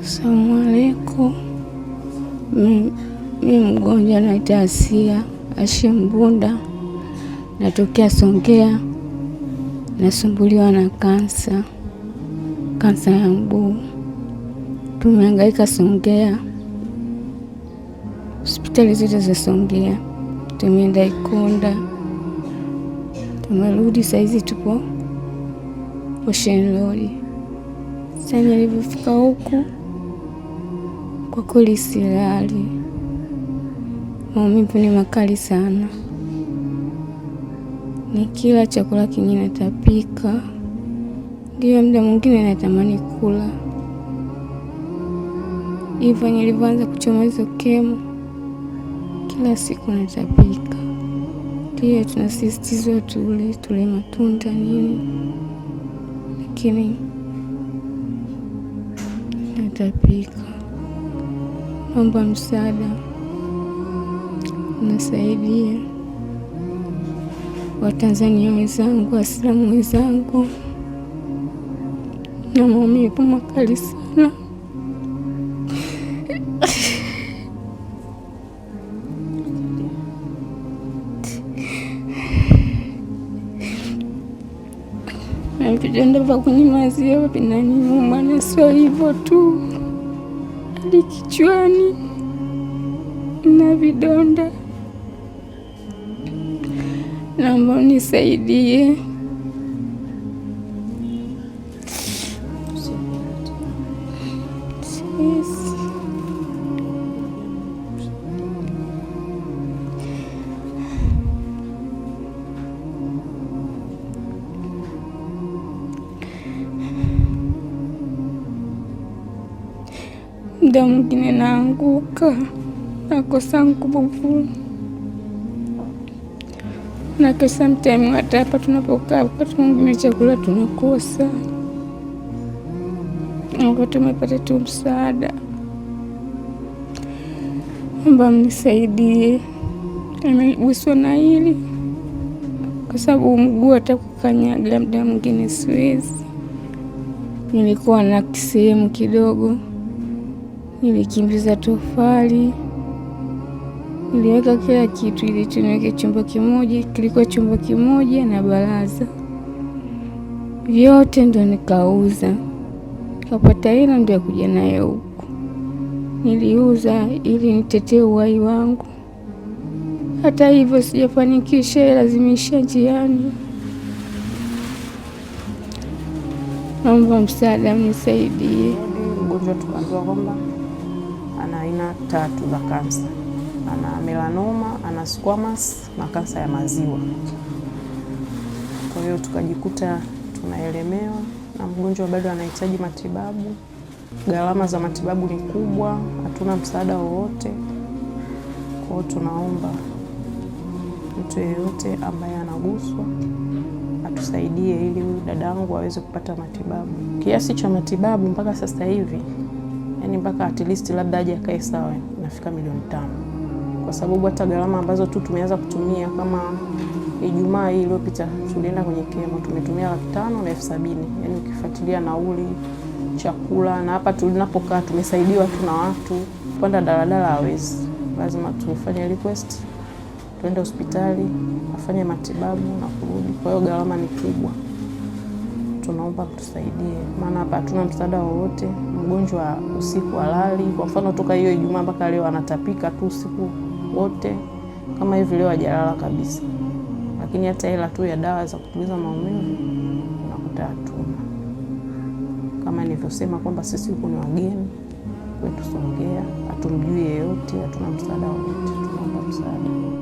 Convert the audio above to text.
asalamu alaikum. Mi mgonjwa naita Asia ashe mbunda natokea Songea, nasumbuliwa na kansa, kansa ya mbuu Tumehangaika Songea, hospitali zote za Songea, tumeenda Ikunda, tumerudi, saizi tupo Ocean Road. Sasa nilivyofika huku kwa kweli silali, maumivu ni makali sana, ni kila chakula kingine natapika, ndiyo muda mwingine natamani kula. Hivyo nilivyoanza kuchoma hizo kemu, kila siku natapika, ndiyo tunasisitizwa tule tule matunda nini, lakini natapika naomba msaada, nasaidia Watanzania wenzangu, Waislamu wenzangu na maumivu makali sana. na vitendo vya kunyamazia vinaniuma, na sio hivyo tu hadi kichwani na vidonda. Naomba unisaidie. muda mwingine naanguka, nakosa nguvu, na kesa mtaimu, hata hapa tunapokaa, wakati mwingine chakula tunakosa, wakati umepata tu msaada. Amba mnisaidie, ameguswa na hili kwa sababu mguu hata kukanyaga muda mwingine siwezi. Nilikuwa na kisehemu kidogo nilikimbiza tofali, niliweka kila kitu ili tuniweke chumba kimoja, kilikuwa chumba kimoja na baraza, vyote ndo nikauza, kapata hela ndo ya kuja nayo huku. Niliuza ili nitetee uhai wangu. Hata hivyo sijafanikisha, hela njiani. Naomba msaada, mnisaidie. Mgonjwa kwamba ana aina tatu za kansa, ana melanoma, ana squamous na kansa ya maziwa. Kwa hiyo tukajikuta tunaelemewa na mgonjwa bado anahitaji matibabu. Gharama za matibabu ni kubwa, hatuna msaada wowote. Kwa hiyo tunaomba mtu yeyote ambaye anaguswa atusaidie ili huyu dadangu aweze kupata matibabu. Kiasi cha matibabu mpaka sasa hivi yani mpaka at least labda aje akae sawa, nafika milioni tano, kwa sababu hata gharama ambazo tu tumeanza kutumia kama Ijumaa hii iliyopita tulienda kwenye kemo tumetumia laki tano na elfu sabini yani ukifuatilia nauli, chakula na hapa tunapokaa tumesaidiwa tu na watu. Kupanda daladala hawezi, lazima tufanye request tuende hospitali afanye matibabu na kurudi, kwa hiyo gharama ni kubwa tunaomba mtusaidie, maana hapa hatuna msaada wowote. Mgonjwa usiku alali, kwa mfano toka hiyo Ijumaa mpaka leo anatapika tu usiku wote, kama hivi leo hajalala kabisa, lakini hata hela tu ya dawa za kutuliza maumivu nakuta hatuna. Kama nilivyosema kwamba sisi huku ni wageni, kwetu Songea, hatumjui yeyote, hatuna msaada wowote, tunaomba msaada.